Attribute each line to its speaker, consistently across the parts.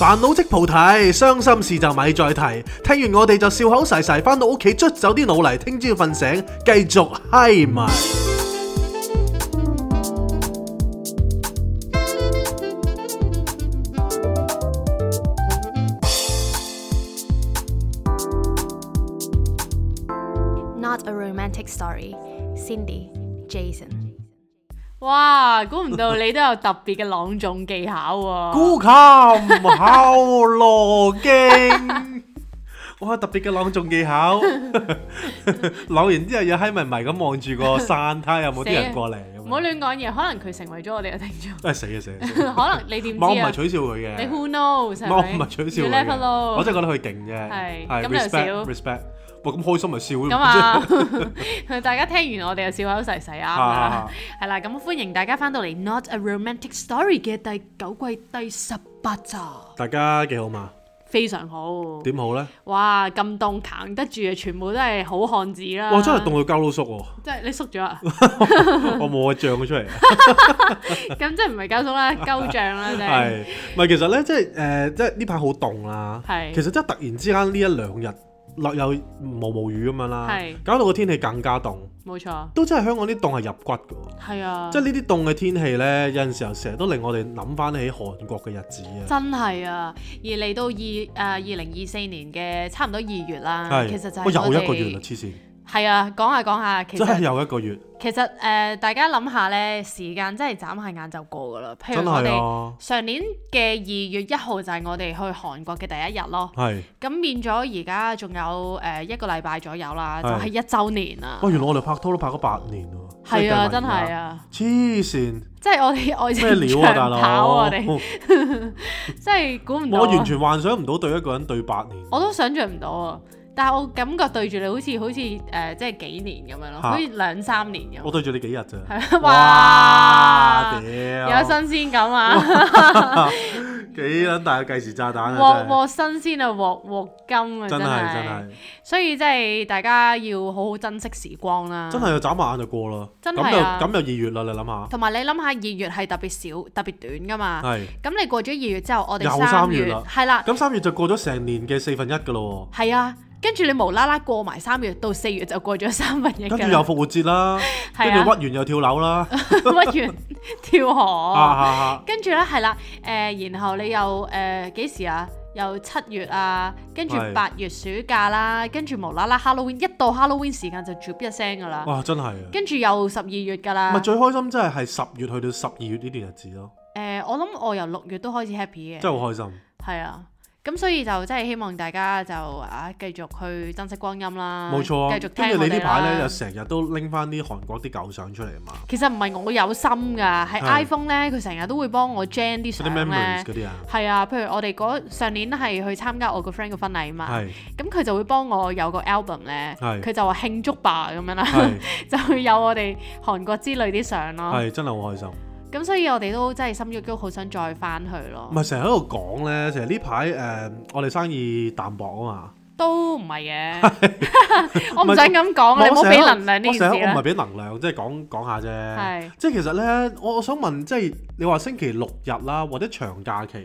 Speaker 1: 煩惱即菩提，傷心事就咪再提。聽完我哋就笑口噬噬，返到屋企捽走啲腦嚟，聽朝瞓醒繼續嗨埋。
Speaker 2: Not a romantic story. Cindy, Jason. 哇，估唔到你都有特別嘅朗誦技巧喎！古
Speaker 1: 琴敲羅經，哇，特別嘅朗誦技巧，唸完之後又閪迷迷咁望住個山梯，有冇啲人過嚟？
Speaker 2: 唔好亂講嘢，可能佢成為咗我哋嘅聽眾，真係死啊死！可能你點知啊？我唔係取笑佢嘅，你 who knows？我唔係取笑佢，我真係覺得佢
Speaker 1: 勁啫，係咁又少 respect。哇！咁開心咪笑咯，咁啊！
Speaker 2: 大家聽完我哋又笑口噬噬啊！係啦，咁歡迎大家翻到嚟《Not a Romantic Story》嘅第九季第十八集。
Speaker 1: 大家幾好嘛？
Speaker 2: 非常好。點好咧？哇！咁凍扛得住啊！全部都係好漢子啦。哇！真係
Speaker 1: 凍到膠都縮喎。
Speaker 2: 即係你縮咗啊？
Speaker 1: 我冇啊！脹咗出嚟。
Speaker 2: 咁即係唔係膠縮啦？膠脹啦！定係？
Speaker 1: 唔係其實咧，即係誒，即係呢排好凍啦。係。其實即係突然之間呢一兩日。落有毛毛雨咁樣啦，是搞到個天氣更加凍。
Speaker 2: 冇錯，
Speaker 1: 都真係香港啲凍係入骨㗎喎。係啊，
Speaker 2: 即係呢
Speaker 1: 啲凍嘅天氣咧，有陣時候成日都令我哋諗翻起韓國嘅日子
Speaker 2: 啊。真係啊，而嚟到二誒二零二四年嘅差唔多二月啦，是其實就係又一個月啊，黐線們。係啊，講下講下，其實真係又一個月。其實誒，大家諗下咧，時間真係眨下眼就過噶啦。譬如，真係啊！上年嘅二月一號就係我哋去韓國嘅第一日咯。係。咁變咗而家仲有誒一個禮拜左右啦，就係一周年啦。哇！
Speaker 1: 原來我哋拍拖都拍咗八年。
Speaker 2: 係啊，真係啊。黐線！即係我哋我真係長跑啊！我哋即係估唔到。我完全
Speaker 1: 幻想唔到對一個人對八年，
Speaker 2: 我都想象唔到啊！但係我感覺對住你好似好似誒即係幾年咁樣咯，好似兩三年咁。
Speaker 1: 我對住你幾日咋？係啊！哇，屌，有新
Speaker 2: 鮮感啊！
Speaker 1: 幾撚大嘅計時炸彈啊！鑊鑊
Speaker 2: 新鮮啊！鑊鑊金啊！真係真係，所以真係大家要好好珍惜時光啦！真係要眨
Speaker 1: 下眼就過啦，咁就咁就二月啦，你諗下？同
Speaker 2: 埋你諗下二月係特別少、特別短噶嘛？係。咁你過咗二月之後，我哋有三月啦。係啦。
Speaker 1: 咁三月就過咗成年嘅四分一噶咯喎。
Speaker 2: 係啊。跟住你無啦啦過埋三月到四月，就過咗三分一跟住又
Speaker 1: 復活節啦， 跟住屈原又跳樓啦，
Speaker 2: 屈原跳河， 跟住咧係啦，誒、嗯，然後你又誒幾、呃、時啊？又七月啊，跟住八月暑假啦，跟住無啦啦 Halloween，一到 Halloween 時間就 jump 一聲㗎啦。哇！真係，跟住又十二月㗎啦。咪最
Speaker 1: 開心真係係十月去到十二月呢段日子咯。
Speaker 2: 誒、嗯，我諗我由六月都開始 happy 嘅，真係好開心。係啊。咁所以就真係希望大家就啊繼續去珍惜光陰啦。冇錯，跟住續你呢排咧就
Speaker 1: 成日都拎返啲韓國啲舊相出嚟嘛。
Speaker 2: 其實唔係我有心㗎，係 iPhone 咧佢成日都會幫我 gen 啲相咧。嗰啲啊。係啊，譬如我哋嗰上年係去參加我個 friend 嘅婚禮啊嘛。係是。咁佢就會幫我有個 album 咧。佢是就話慶祝吧咁樣啦，是 就會有我哋韓國之類啲相咯。係
Speaker 1: 真係好開心。
Speaker 2: 咁所以我哋都真係心喐喐，好想再翻去咯。唔
Speaker 1: 係成日喺度講咧，成日呢排誒我哋生意淡薄啊嘛，
Speaker 2: 都唔係嘅。 我唔想咁講， 是你唔好俾能量呢件事。我唔係
Speaker 1: 俾能量，即係講講下啫。係即係其實咧，我我想問，即係你話星期六日啦，或者長假期，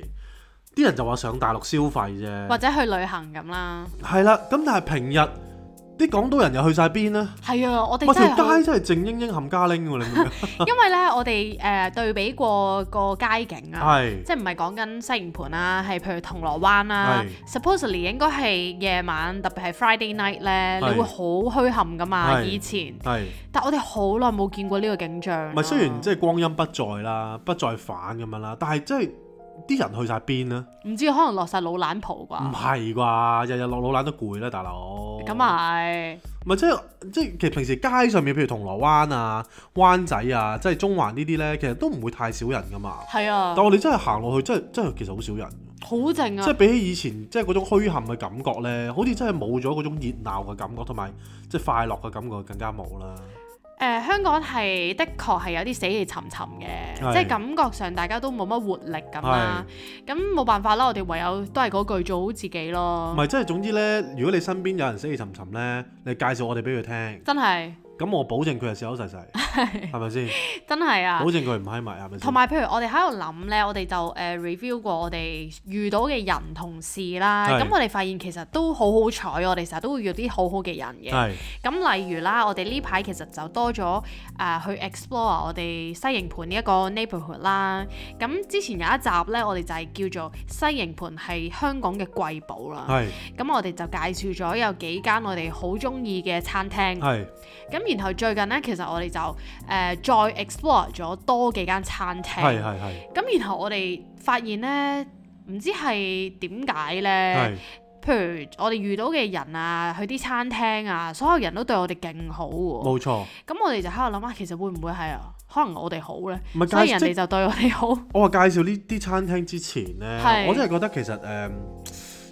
Speaker 1: 啲人就話上大陸消費啫，或
Speaker 2: 者去旅行咁啦。
Speaker 1: 係啦，咁但係平日。啲港島人又去晒邊咧？
Speaker 2: 係啊，我哋成、啊、街
Speaker 1: 真係靜英英冚家拎喎，你明唔明？
Speaker 2: 因為咧，我哋誒、呃、對比過個街景啊，是即係唔係講緊西營盤啊，係譬如銅鑼灣啦、啊。是 Supposedly 應該係夜晚，特別係 Friday night 咧，是你會好墟冚噶嘛。是以前係，是但我哋好耐冇見過呢個景象啊。咪雖然
Speaker 1: 即係光陰不再啦，不再反咁樣啦，但係即係。啲人去晒邊呢？
Speaker 2: 唔知，可能落晒老蘭蒲啩？唔
Speaker 1: 係啩，日日落老蘭都攰啦，大佬。
Speaker 2: 咁啊，
Speaker 1: 咪即係即係其實平時街上面，譬如銅鑼灣啊、灣仔啊，即係中環呢啲呢，其實都唔會太少人噶嘛。係啊，但我哋真係行落去，真係真係其實好少人。
Speaker 2: 好靜啊！即係比起
Speaker 1: 以前，即係嗰種墟冚嘅感覺呢，好似真係冇咗嗰種熱鬧嘅感覺，同埋即係快樂嘅感覺更加冇啦。
Speaker 2: 誒、呃、香港係的確係有啲死氣沉沉嘅，是即係感覺上大家都冇乜活力咁啦。咁冇是辦法啦，我哋唯有都係嗰句做好自己咯。唔
Speaker 1: 係，即係總之咧，如果你身邊有人死氣沉沉咧，你介紹我哋俾佢聽。真係。咁我保證佢係笑口細細，係咪先？
Speaker 2: 真係啊！保證
Speaker 1: 佢唔係埋，係咪？同埋
Speaker 2: 譬如我哋喺度諗呢，我哋就誒 review 過我哋遇到嘅人同事啦。咁是的 我哋發現其實都好好彩，我哋成日都會遇到啲好好嘅人嘅。係咁，例如啦，我哋呢排其實就多咗誒去 explore 我哋西營盤呢一個 neighborhood 啦。咁之前有一集呢，我哋就係叫做西營盤係香港嘅瑰寶啦。係咁，我哋就介紹咗有幾間我哋好中意嘅餐廳。咁是的 的。然後最近呢，其實我哋就誒、呃、再 explore 咗多幾間餐廳。咁然後我哋發現呢，唔知係點解呢？是譬如我哋遇到嘅人啊，去啲餐廳啊，所有人都對我哋勁好。冇錯。咁我哋就喺度諗下，其實會唔會係啊？可能我哋好呢，唔係，所以人哋就對我哋
Speaker 1: 好。就是、我話介紹呢啲餐廳之前呢，是我真係覺得其實誒。呃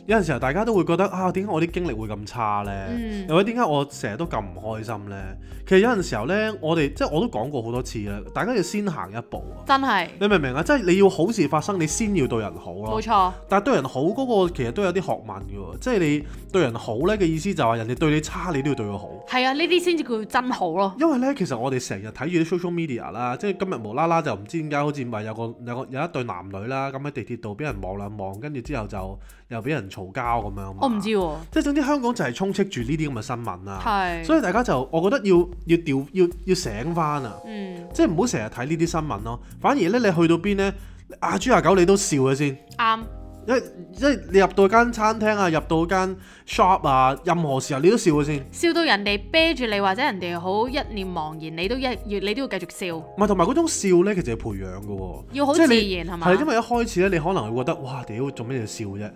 Speaker 1: 有陣時候，大家都會覺得啊，點解我啲經歷會咁差呢？又或者點解我成日都咁唔開心呢？其實有陣時候呢，我哋即係我都講過好多次啦，大家要先行一步。
Speaker 2: 真係，你
Speaker 1: 明唔明啊？即係你要好事發生，你先要對人好咯。冇錯，但係對人好嗰個其實都有啲學問嘅喎，即係你對人好呢嘅意思就係人哋對你差，你都要對佢好。
Speaker 2: 係啊，呢啲先至叫真好咯。
Speaker 1: 因為呢，其實我哋成日睇住啲 social media 啦，即係今日無啦啦就唔知點解好似咪有個有個有一對男女啦咁喺地鐵度俾人望兩望，跟住之後就，又俾人嘈交咁樣，我唔知喎、啊，即係總之香港就係充斥住呢啲咁嘅新聞啊，係，所以大家就我覺得要要調要要醒返啊！嗯，即係唔好成日睇呢啲新聞咯、啊。反而咧，你去到邊咧，阿、啊、豬阿狗你都笑嘅先。
Speaker 2: 啱、嗯，
Speaker 1: 因因為你入到間餐廳啊，入到間 shop 啊，任何時候、啊、你都笑嘅先。
Speaker 2: 笑到人哋啤住你，或者人哋好一臉茫然，你都一你都要你都要繼續笑。
Speaker 1: 唔係，同埋嗰種笑咧，其實係培養㗎喎，
Speaker 3: 要好自然係嘛？係因
Speaker 1: 為一開始咧，你可能會覺得哇屌做咩嘢笑啫？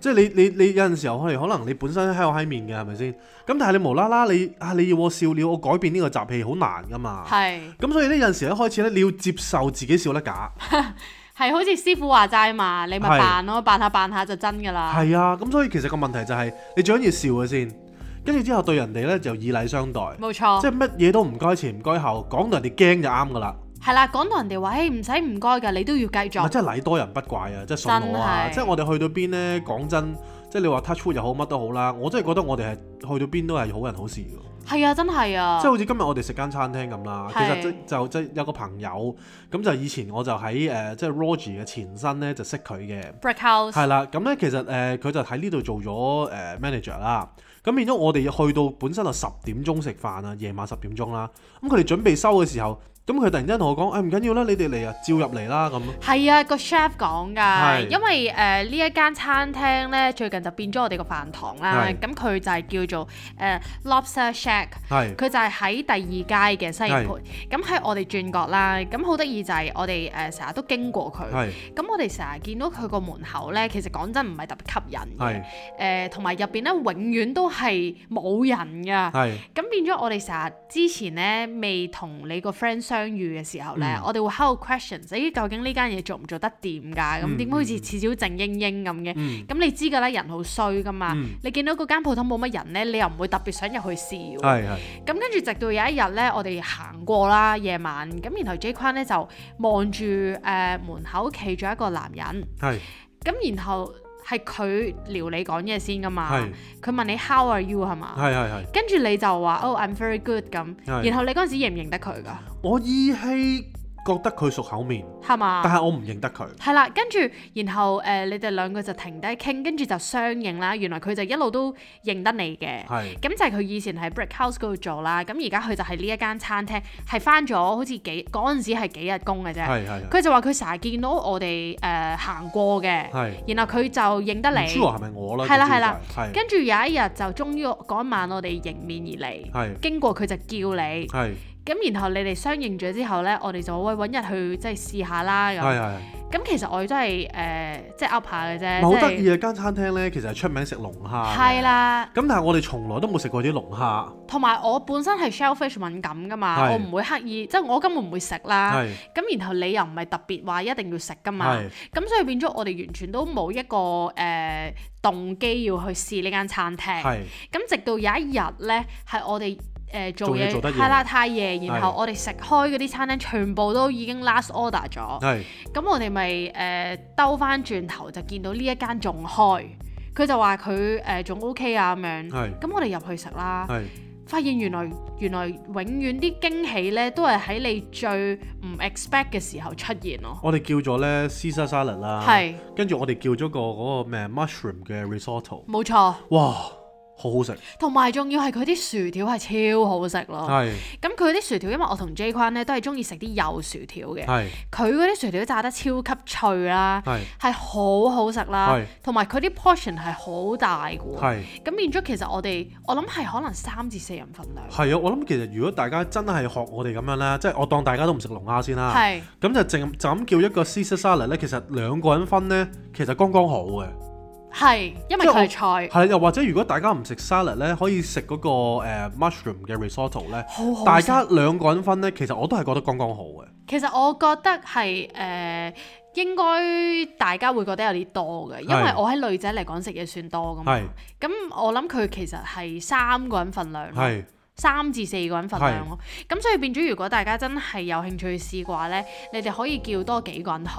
Speaker 1: 即係你，你你有陣時候，可能你本身喺我喺面嘅，係咪先？咁但係你無啦啦，你啊你要我笑，你要我改變呢個習氣好難噶嘛。係咁是，所以呢，有陣時一開始咧，你要接受自己笑得假
Speaker 2: 係 好似師傅話齋嘛，你咪扮咯，扮下扮下就真噶啦。係
Speaker 1: 啊，咁所以其實個問題就係、是、你最緊要笑嘅先，跟住之後對人哋咧就以禮相待，冇錯，即係乜嘢都唔該前唔該後，講到人哋驚就啱噶啦。
Speaker 2: 係啦，講到人哋話，誒唔使唔該嘅，你都要繼續。唔係真係禮
Speaker 1: 多人不怪啊，真係送我啊！是即係我哋去到邊咧，講真，即係你話 touch wood 又好，乜都好啦。我真係覺得我哋係去到邊都係好人好事㗎。
Speaker 2: 係啊，真係啊！即係好
Speaker 1: 似今日我哋食間餐廳咁啦，是其實即就即有個朋友，咁就以前我就喺誒、呃、即係 Roger 嘅前身咧，就識佢嘅
Speaker 2: Brickhouse。係 Br
Speaker 1: 啦，咁咧其實誒佢、呃、就喺呢度做咗誒、呃、manager 啦。咁變咗我哋去到本身就十點鐘食飯啊，夜晚十點鐘啦。咁佢哋準備收嘅時候。咁佢突然之間同我講，誒唔緊要啦，你哋嚟啊，照入嚟啦，咁咯。
Speaker 2: 係啊，個 chef 講㗎，因為誒呢一間餐廳咧，最近就變咗我哋個飯堂啦。咁佢就係叫做誒 Lobster Shack，佢就係喺第二街嘅西營盤。咁喺我哋轉角啦，咁好得意就係我哋誒成日都經過佢。咁我哋成日見到佢個門口咧，其實講真唔係特別吸引
Speaker 3: 嘅。
Speaker 2: 誒同埋入邊咧，永遠都係冇人㗎。咁變咗我哋成日之前咧，未同你個 friend。相遇嘅時候呢，嗯、我哋會喺度 question 咦？究竟呢間嘢做唔做得掂㗎？咁點解好似似少靜英英咁嘅？咁、嗯、你知㗎啦，人好衰噶嘛？嗯、你見到嗰間鋪頭冇乜人呢，你又唔會特別想入去試㗎。咁跟住直到有一日呢，我哋行過啦，夜晚咁，然後 J 昆呢就望住誒門口企咗一個男人。係。咁然後。然後係佢撩你講嘢先㗎嘛，佢是問你 How are you 係嘛？是是是，跟住你就話 Oh I'm very good 咁，是然後你嗰陣時認唔認得佢㗎？
Speaker 1: 我依係。覺得佢熟口面，
Speaker 2: 係嘛？但係我唔
Speaker 1: 認得佢。係
Speaker 2: 啦，跟住，然後誒，你哋兩個就停低傾，跟住就相認啦。原來佢就一路都認得你嘅。係。咁就係佢以前喺 Brick House 嗰度做啦。咁而家佢就喺呢一間餐廳，係翻咗好似幾嗰陣時係幾日工嘅啫。係係。佢就話佢成日見到我哋誒行過嘅。係。然後佢就認得你。朱係咪
Speaker 1: 我啦？係啦係啦。跟
Speaker 2: 住有一日就終於嗰晚我哋迎面而嚟。係。經過佢就叫你。係。咁然後你哋相應咗之後呢，我哋就會揾日去即係試下啦。咁，是是是其實我哋都係誒即係噏下嘅啫。冇得意啊！間、
Speaker 1: 就是、餐廳呢，其實係出名食龍蝦。係啦的。咁但係我哋從來都冇食過啲龍蝦。
Speaker 2: 同埋我本身係 shellfish 敏感噶嘛，是我唔會刻意，即、就、係、是、我根本唔會食啦。咁是然後你又唔係特別話一定要食噶嘛？咁是所以變咗我哋完全都冇一個誒、呃、動機要去試呢間餐廳。咁是是直到有一日呢，係我哋。誒做嘢做得太夜，太夜，然後我哋食開嗰啲餐廳全部都已經 last order 咗，咁我哋咪誒兜翻轉頭就見到呢一間仲開，佢就話佢誒仲 OK 啊咁樣，咁我哋入去食啦，發現原來原來永遠啲驚喜呢都係喺你最唔 expect 嘅時候出現咯。
Speaker 1: 我哋叫咗呢 Caesar salad 啦，跟住我哋叫咗個嗰個咩 mushroom 嘅 risotto，
Speaker 2: 冇錯。
Speaker 1: 好好食，
Speaker 2: 同埋仲要係佢啲薯條係超好食咯。係是，咁佢啲薯條因為我同 J Quan 咧都係中意食啲幼薯條嘅。係是，佢嗰啲薯條炸得超級脆啦，係是，係好好食啦。同埋佢啲 portion 係好大㗎。係是，咁變咗其實我哋我諗係可能三至四人份
Speaker 1: 量。係啊，我諗其實如果大家真係學我哋咁樣咧，即係我當大家都唔食龍蝦先啦。係是，咁就淨就咁叫一個 Caesar salad 咧，其實兩個人分咧，其實剛剛好嘅。
Speaker 2: 係，因為佢係菜。係，
Speaker 1: 又或者如果大家唔食沙律咧，可以食嗰、嗰個、uh, mushroom 嘅 risotto 咧。好好大家兩個人分咧，其實我都係覺得剛剛好嘅。
Speaker 2: 其實我覺得係誒、呃，應該大家會覺得有啲多嘅，因為我喺女仔嚟講食嘢算多嘅嘛。咁係我諗佢其實係三個人份量。係。三至四個人份量咯，咁是所以變咗如果大家真係有興趣去試嘅話咧，你哋可以叫多幾個人去，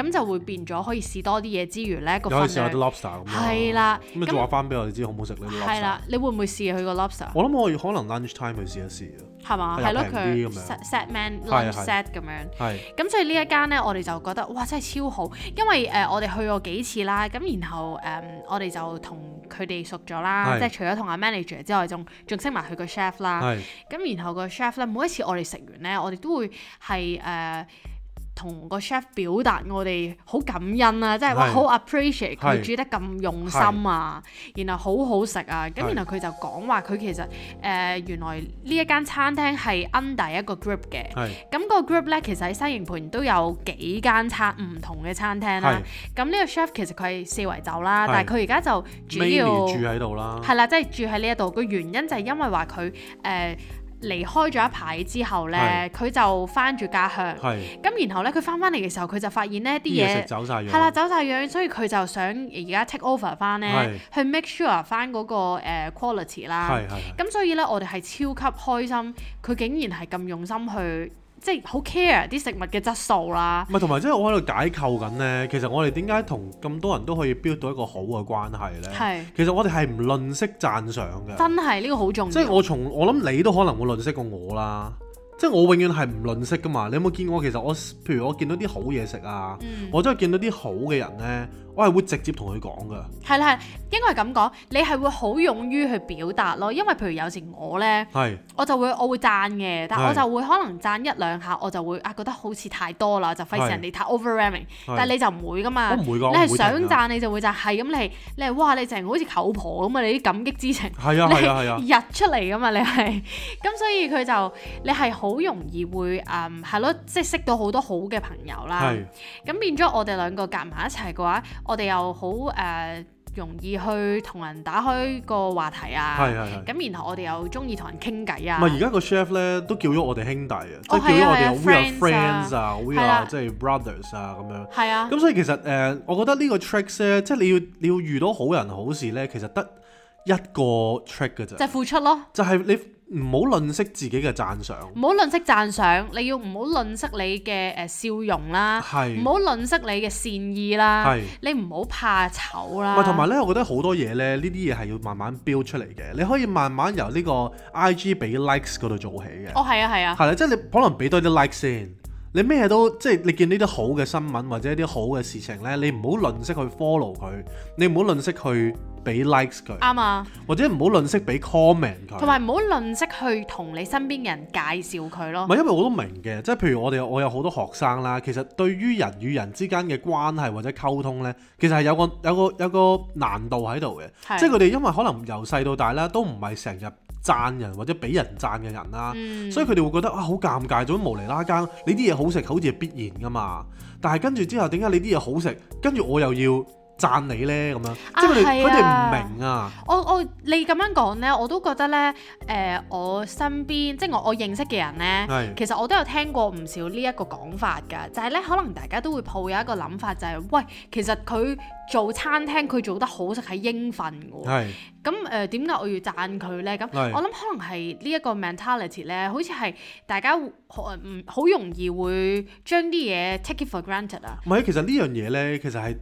Speaker 2: 咁是就會變咗可以試多啲嘢之餘咧個分量。有冇試下啲
Speaker 1: lobster 咁？係啦，咁你話翻俾我哋知好唔好食呢啲 lobster？係啦，
Speaker 2: 的你會唔會試佢個 lobster？會會
Speaker 1: lobster? 我諗我可以可能 lunch time 去試一試。
Speaker 2: 係嘛？係咯，佢 set man lunch set 咁樣。咁是所以呢一間呢，我哋就覺得哇，真係超好，因為誒、呃、我哋去過幾次啦，咁然後誒、呃、我哋就同佢哋熟咗啦，是 即係除咗同阿 manager 之外，仲仲識埋佢個 chef 啦。咁是是 然後個 chef 咧，每一次我哋食完呢，我哋都會係誒。呃同個 chef 表達我哋好感恩啊，即係是哇好 appreciate 佢煮得咁用心啊，是然後好好食啊，咁是然後佢就講話佢其實誒、呃、原來呢一間餐廳係 under 一個 group 嘅，咁是個 group 咧其實喺西營盤都有幾間差唔同嘅餐廳啦、啊，咁呢是個 chef 其實佢係四圍走啦，是但係佢而家就主要，主要住喺
Speaker 1: 度啦，係啦，
Speaker 2: 即、就、係、是、住喺呢一度，個原因就係因為話佢誒。呃離開咗一排之後咧，佢是就翻住家鄉。咁是然後咧，佢翻翻嚟嘅時候，佢就發現呢啲嘢係啦，走晒樣，所以佢就想而家 take over 翻咧，是去 make sure 翻嗰個 quality 啦。咁所以咧，我哋係超級開心，佢竟然係咁用心去。即係好 care 啲食物嘅質素啦，唔
Speaker 1: 係同埋即係我喺度解構緊呢。其實我哋點解同咁多人都可以 build 到一個好嘅關係呢？是其實我哋係唔吝惜讚賞嘅，真
Speaker 2: 係呢個好重要。即係我
Speaker 1: 從我諗你都可能會吝惜過我啦。即係我永遠係唔吝惜噶嘛。你有冇見過其實我，譬如我見到啲好嘢食啊，嗯、我真係見到啲好嘅人呢。我係會直接同佢講
Speaker 3: 㗎，係
Speaker 2: 啦係，應該係咁講。你係會好勇於去表達咯，因為譬如有時我咧，係我就會我會讚嘅，但我就會可能讚一兩下，我就會啊覺得好似太多啦，就費事人哋太 overwhelming。但係你就唔會㗎嘛，你係想讚你就會讚，係咁你你係哇你成日好似舅婆咁啊，你啲感激之情係啊係啊溢出嚟㗎嘛你係，咁所以佢就你係好容易會嗯係咯，即係識到好多好嘅朋友啦。係，咁變咗我哋兩個夾埋一齊嘅話。我哋又好誒、uh, 容易去同人打開個話題啊，咁的然後我哋又中意同人傾偈啊。唔係而
Speaker 1: 家個 chef 咧都叫咗我哋兄弟、哦、啊，即係叫咗我哋啊，we are friends 啊，we 即係 brothers 啊咁的樣。係啊的，咁所以其實誒，uh, 我覺得個呢個 trick 咧，即、就、係、是、你要你要遇到好人好事咧，其實得一個 trick 㗎啫。就係
Speaker 2: 付出咯。就係
Speaker 1: 你。唔好吝惜自己嘅讚賞，
Speaker 2: 唔好吝惜讚賞，你要唔好吝惜你嘅誒笑容啦，唔好吝惜你嘅善意啦，你唔好怕醜啦。同埋咧，
Speaker 1: 我覺得好多嘢咧，呢啲嘢係要慢慢 build 出嚟嘅。你可以慢慢由呢個 IG 俾 likes 嗰度做起嘅。哦，係啊，係啊。係啦，即係你可能俾多啲 likes 先。你咩都即係你見呢啲好嘅新聞或者一啲好嘅事情呢，你唔好吝嗇去 follow 佢，你唔好吝嗇去俾 likes 佢，啱啊吧，或者唔好吝嗇俾 comment 佢，同埋
Speaker 2: 唔好吝嗇去同你身邊人介紹佢咯。唔係因為
Speaker 1: 我都明嘅，即係譬如我哋我有好多學生啦，其實對於人與人之間嘅關係或者溝通呢，其實係有個有個有個難度喺度嘅，的即係佢哋因為可能由細到大啦，都唔係成日。讚人或者俾人讚嘅人啦，嗯，所以佢哋會覺得啊好尷尬，做乜無釐拉更？呢啲嘢好食好似係必然噶嘛，但係跟住之後點解你啲嘢好食，跟住我又要？讚你咧
Speaker 3: 咁樣，即係佢哋唔明啊！啊明啊
Speaker 2: 我我你咁樣講咧，我都覺得咧，誒、呃、我身邊即係我我認識嘅人咧，係其實我都有聽過唔少呢一個講法㗎，就係、係、咧可能大家都會抱有一個諗法，就係、係、喂，其實佢做餐廳佢做得好食係應份㗎喎。係咁誒，點解係、呃、我要讚佢咧？咁係我諗可能係呢一個 mentality 咧，好似係大家好唔好容易會將啲嘢 take it for granted 啊？
Speaker 1: 唔係，其實呢樣嘢咧，其實係。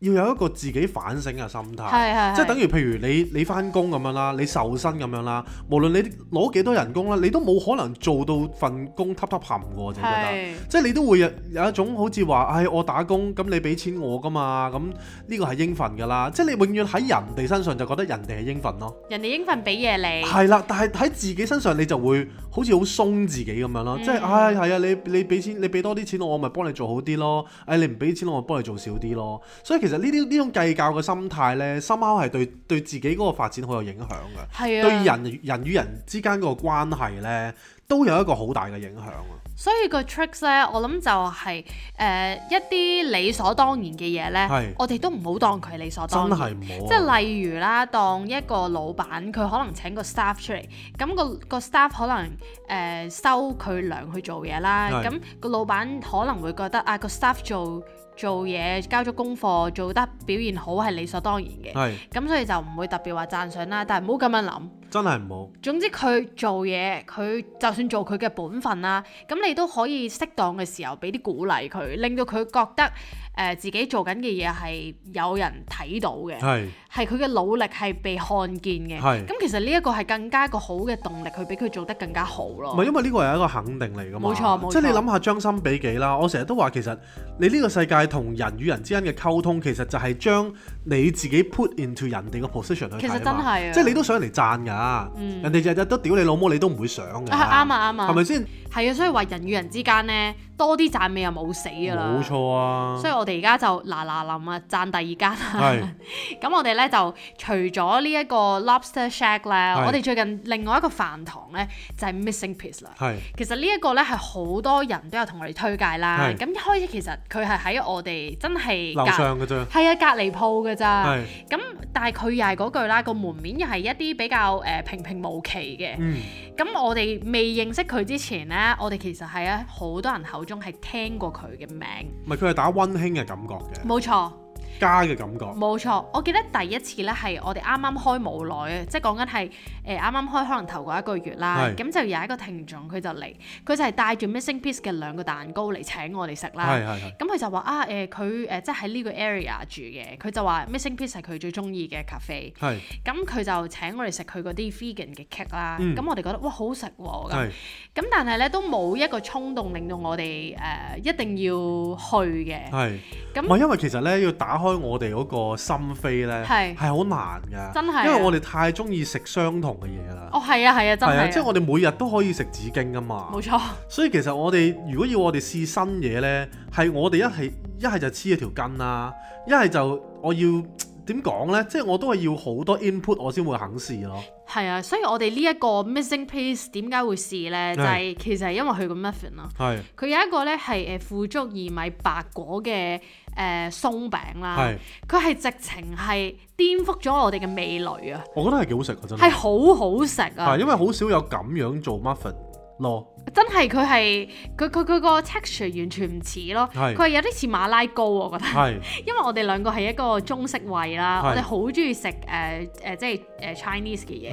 Speaker 1: 要有一個自己反省嘅心態，是是是即係等於譬如你你返工咁樣啦，你受薪咁樣啦，無論你攞幾多人工啦，你都冇可能做到份工噏噏冚過，就覺得，即係你都會有有一種好似話，唉、哎，我打工咁，你俾錢我㗎嘛，咁呢個係應份㗎啦，即係你永遠喺人哋身上就覺得人哋係應份咯，
Speaker 2: 人哋應份俾嘢你，係
Speaker 1: 啦，但係喺自己身上你就會好似好鬆自己咁樣咯，嗯、即係唉係啊，你你俾錢你俾多啲錢我，咪幫你做好啲咯，唉、哎、你唔俾錢我，我幫你做少啲咯。所以其實呢啲呢種計較嘅心態呢，深奧係對對自己嗰個發展好有影響嘅，啊、對人人與人之間嗰個關係呢，都有一個好大嘅影響
Speaker 2: 啊。所以個 tricks 呢，我諗就係、是、誒、呃、一啲理所當然嘅嘢呢，是我哋都唔好當佢係理所當然，啊、即係例如啦，當一個老闆佢可能請個 staff 出嚟，咁、個、個 staff 可能誒、呃、收佢糧去做嘢啦，咁是個老闆可能會覺得啊、個 staff 做做嘢交咗功課，做得表現好係理所當然嘅，咁是所以就唔會特別話讚賞啦。但係唔好咁樣諗。真係唔好。總之佢做嘢，佢就算做佢嘅本分啦，咁你都可以適當嘅時候俾啲鼓勵佢，令到佢覺得誒、呃、自己做緊嘅嘢係有人睇到嘅，係是，係佢嘅努力係被看見嘅，係是。咁其實呢一個係更加個好嘅動力去俾佢做得更加好咯。唔係，
Speaker 1: 因為呢個係一個肯定嚟㗎嘛。冇錯，冇錯。即係你諗下將心比己啦，我成日都話其實你呢個世界同人與人之間嘅溝通，其實就係將你自己 put into 人哋嘅 position 去睇下。其實真係啊。即係你都想嚟讚㗎。啊，人哋日日都屌你老母，你都唔會想㗎。啊，啱啊，啱啊，係咪先？
Speaker 2: 係啊，所以話人與人之間咧，多啲讚美又冇死㗎啦。冇錯
Speaker 1: 啊！所以我
Speaker 2: 哋而家就嗱嗱臨啊，讚第二間啊。咁是 我哋咧就除咗呢一個 Lobster Shack 咧，是我哋最近另外一個飯堂咧就係、是、Missing Piece 啦。是其實呢一個咧係好多人都有同我哋推介啦。咁是一開始其實佢係喺我哋真係樓上嘅啫。係啊，隔離鋪㗎咋。咁是但係佢又係嗰句啦，個門面又係一啲比較誒平平無奇嘅。咁、嗯、我哋未認識佢之前咧。我哋其實係啊，好多人口中係聽過佢嘅名，
Speaker 1: 唔係佢係打溫馨嘅感覺嘅，冇錯。家嘅感覺
Speaker 2: 冇錯，我記得第一次咧，係我哋啱啱開冇耐嘅，即係講緊係誒啱啱開可能頭一個月啦。咁是的 就有一個聽眾佢就嚟，佢就係帶住 Missing Piece 嘅兩個蛋糕嚟請我哋食啦。係係。咁佢就話啊誒佢誒即係喺呢個 area 住嘅，佢就話 Missing Piece 係佢最中意嘅 cafe。係。咁佢就請我哋食佢啲 vegan 嘅 cake 啦。嗯。咁我哋覺得哇，好食喎咁。係。是的 但係咧，都冇一個衝動令到我哋誒、呃、一定要去嘅。係的。咁那。唔因為
Speaker 1: 其實咧，要打開。開我哋嗰個心扉呢，係，係好難㗎，真係、啊，因為我哋太中意食相同嘅嘢啦。
Speaker 2: 哦，係啊，係啊，啊，真係、啊啊。即係我
Speaker 1: 哋每日都可以食紙巾㗎嘛。冇錯。所以其實我哋如果要我哋試新嘢呢，係我哋一係、嗯、一係就黐咗條筋啦，一係就我要。點講呢？即係我都係要好多 input，我先會肯試咯。
Speaker 2: 係啊，所以我哋呢一個 missing piece 點解會試呢？就係、是、其實係因為佢個 muffin 咯、啊。係佢是有一個呢係誒腐竹薏米白果嘅誒鬆餅啦、啊。係佢係直情係顛覆咗我哋嘅味蕾
Speaker 1: 啊！我覺得係幾好食㗎，真係係
Speaker 2: 好好食啊！因
Speaker 1: 為好少有咁樣做 muffin。嗯、
Speaker 2: 真係佢係佢佢佢個 texture 完全唔似咯，佢係是有啲似馬拉糕我覺得。是 因為我哋兩個係一個中式胃啦，是我哋好中意食誒誒即係誒 Chinese 嘅嘢，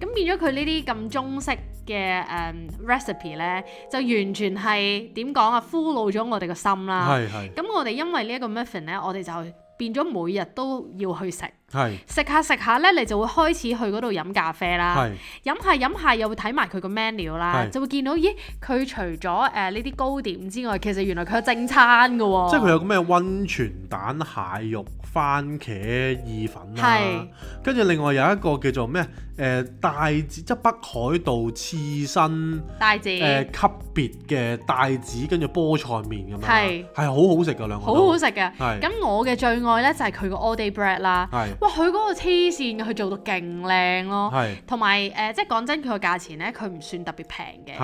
Speaker 2: 咁變咗佢呢啲咁中式嘅誒、呃、recipe 咧，就完全係點講啊？俘虜咗我哋個心啦，咁我哋因為呢一個 muffin 咧，我哋就變咗每日都要去食。係食下食下咧，你就會開始去嗰度飲咖啡啦。係飲下飲下又會睇埋佢個 menu 啦，就會見到咦佢除咗誒呢啲糕點之外，其實原來佢有正餐㗎喎。即係佢有
Speaker 1: 個咩溫泉蛋蟹肉番茄意粉啦。係跟住另外有一個叫做咩誒帶子，即係北海道刺身帶子，誒級別嘅帶子，跟住菠菜麵咁樣。係係好好食㗎兩個，好好食㗎。係咁
Speaker 2: 我嘅最愛咧就係佢個 all day bread 啦。係。佢嗰個黐線嘅，佢做到勁靚咯，同埋誒，即係講真，佢個價錢咧，佢唔算特別平嘅，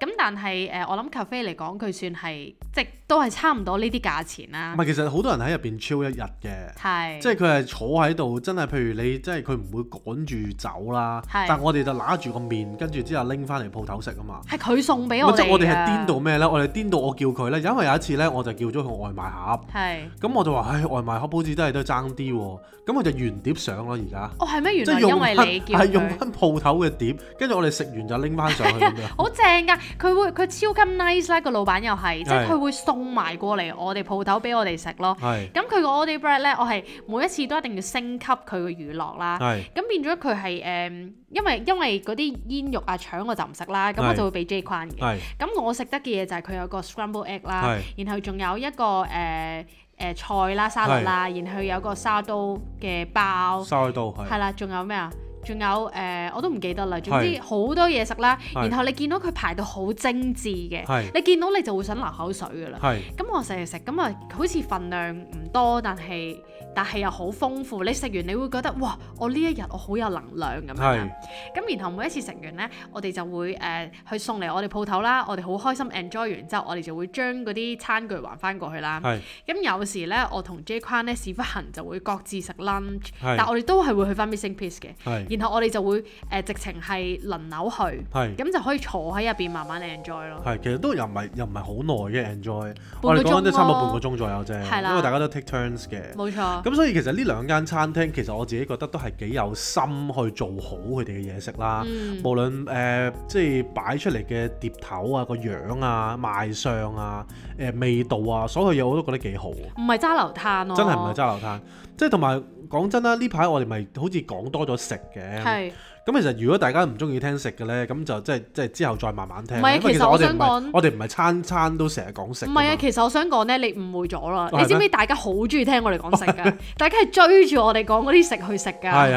Speaker 2: 咁是但係誒、呃，我諗 cafe 嚟講，佢算係即都係差唔多呢啲價錢啦。唔係，其
Speaker 1: 實好多人喺入邊 chill 一日嘅，是即係佢係坐喺度，真係譬如你即係佢唔會趕住走啦，是但我哋就揦住個麵，跟住之後拎翻嚟鋪頭食啊嘛。
Speaker 2: 係佢送俾我哋。即我哋係癲到
Speaker 1: 咩呢？我哋癲到我叫佢呢，因為有一次呢，我就叫咗個外賣盒，咁是、嗯、我就話：誒、哎、外賣盒好似都係都爭啲喎，咁我就越碟上咯，而家。
Speaker 2: 哦係咩？原來係因為你叫，係用翻
Speaker 1: 鋪頭嘅碟，跟住我哋食完就拎翻上去咁樣。好
Speaker 2: 正㗎！佢會佢超級 nice 啦，個老闆又係，的即係佢會送埋過嚟我哋鋪頭俾我哋食咯。咁的，佢個 all day bread 咧，我係每一次都一定要升級佢嘅娛樂啦。咁的變咗佢係誒，因為因為嗰啲煙肉啊腸我就唔食啦，咁我就會俾 J Kwan 嘅。咁，的的我食得嘅嘢就係佢有個 scramble egg 啦，然後仲有一個誒的。的誒、呃、菜啦，沙律啦，是然後有一個沙刀嘅包，係啦，仲有咩啊？仲有誒、呃，我都唔記得啦。總之好多嘢食啦，是然後你見到佢排到好精緻嘅，是你見到你就會想流口水噶啦。咁是、嗯、我成日食咁啊，好似份量唔多，但係但係又好豐富。你食完你會覺得哇，我呢一日我好有能量咁樣。咁是、嗯嗯嗯、然後每一次食完呢，我哋就會誒、呃、去送嚟我哋鋪頭啦。我哋好開心 enjoy 完之後，我哋就會將嗰啲餐具還翻過去啦。咁是、嗯、有時呢，我同 Jay 坤呢，屎忽痕就會各自食 lunch，是但我哋都係會去翻 missing piece 嘅。是然後我哋就會誒、呃、直情係輪流去，係咁是就可以坐喺入邊慢慢 enjoy 咯。
Speaker 1: 係，其實都又唔係又唔係好耐嘅 enjoy，半個鐘我哋講緊都差唔多半個鐘左右啫。係啦的，因為大家都 take turns 嘅。冇錯。咁所以其實呢兩間餐廳其實我自己覺得都係幾有心去做好佢哋嘅嘢食啦。嗯、無論誒、呃、即係擺出嚟嘅碟頭啊、個樣啊、賣相啊、誒、呃、味道啊，所有嘢我都覺得幾好。
Speaker 2: 唔係揸流攤咯、啊。真係唔係揸
Speaker 1: 流攤，啊啊、即係同埋。講真啦，呢排我哋咪好似講多咗食嘅。咁其實如果大家唔中意聽食嘅咧，咁就即係即係之後再慢慢聽。唔係啊，其實我想講，我哋唔係餐餐都成日講食。唔係
Speaker 2: 啊，其實我想講咧，你誤會咗啦。你知唔知大家好中意聽我哋講食噶？大家係追住我哋講嗰啲食去食噶。係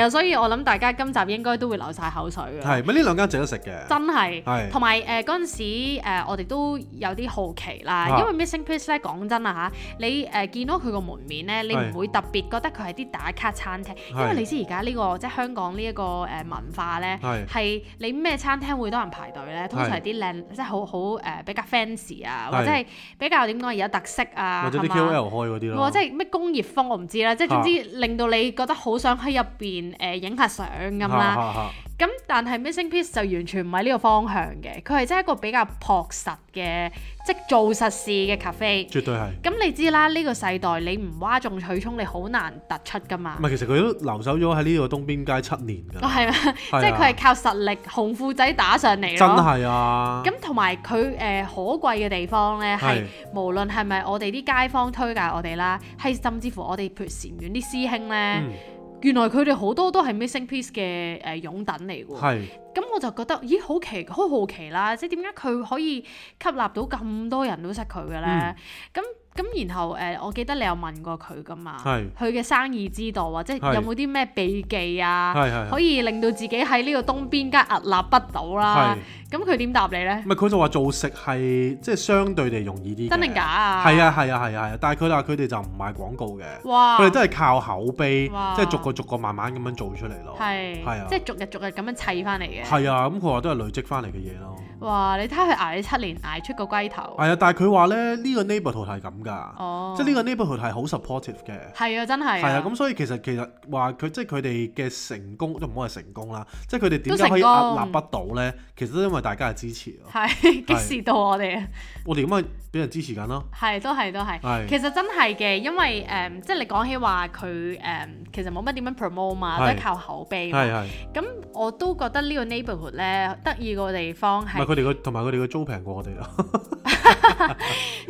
Speaker 2: 啊，所以我諗大家今集應該都會流晒口水啊。
Speaker 1: 係，呢兩間值得食嘅？真係。同埋
Speaker 2: 誒嗰陣時誒，我哋都有啲好奇啦，因為 Missing Place 咧講真啊，嚇，你誒見到佢個門面咧，你唔會特別覺得佢係啲打卡餐廳，因為你知而家呢個即係香港呢一個。誒文化咧，係是你咩餐廳會多人排隊咧？通常係啲靚，是即係好好誒比較 fancy 啊，是或者係比較點講，有特色啊，或者啲 KOL
Speaker 1: 開嗰啲咯，啲即
Speaker 2: 係咩工業風我唔知啦，即係總之令到你覺得好想喺入邊誒影下相咁啦。咁、呃、但係 Missing Piece 就完全唔係呢個方向嘅，佢係真係一個比較樸實嘅。即做實事嘅咖啡，絕對係。咁你知啦，呢、這個世代你唔嘩眾取寵，你好難突出噶嘛。唔係，其
Speaker 1: 實佢都留守咗喺呢個東邊街七年
Speaker 2: 噶哦，係咩？啊、即係佢係靠實力紅褲仔打上嚟。真係啊！咁同埋佢誒可貴嘅地方咧，係是無論係咪我哋啲街坊推介我哋啦，係甚至乎我哋譬如禪院啲師兄咧。嗯原來佢哋好多都係 missing piece 嘅誒擁躉嚟㗎喎，咁是我就覺得咦好奇好好奇啦，即係點解佢可以吸納到咁多人都識佢嘅咧？咁、嗯咁然後誒，我記得你有問過佢噶嘛？係。佢嘅生意之道啊，即係有冇啲咩秘技啊？係係。可以令到自己喺呢個東邊街屹立不倒啦。係。咁佢點答你咧？唔
Speaker 1: 係佢就話做食係即係相對地容易啲。真
Speaker 2: 定假啊？
Speaker 1: 係啊係啊係啊！但係佢話佢哋就唔賣廣告嘅。哇！佢哋真係靠口碑，即係逐個逐個慢慢咁樣做出嚟咯。
Speaker 2: 係。係啊。即係逐日逐日咁樣砌翻嚟嘅。
Speaker 1: 係啊，咁佢話都係累積翻嚟嘅嘢咯。
Speaker 2: 哇！你睇下佢捱咗七年，捱出個龜頭。
Speaker 1: 係啊，但係佢話咧，呢、oh, 個 neighborhood 係咁㗎，即係呢個 neighborhood 係好 supportive 嘅。
Speaker 2: 係啊，真係。係啊，
Speaker 1: 咁所以其實其實話佢即係佢哋嘅成功都唔好係成功啦，即係佢哋點解可以屹立不倒咧？其實都因為大家嘅支持咯。係
Speaker 2: 幾時到我哋。
Speaker 1: 我哋咁咪俾人支持緊咯。
Speaker 2: 係 都係都係。其實真係嘅，因為誒，即係、 嗯就是、你講起話佢誒，其實冇乜點樣 promote 啊，都係靠口碑。咁我都覺得個 neighborhood 呢個 neighborhood 咧，得意個地方係。佢
Speaker 1: 哋個同埋佢哋個租平過我哋咯，